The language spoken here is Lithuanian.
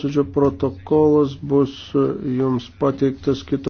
Sudžio protokolas bus jums pateiktas kito.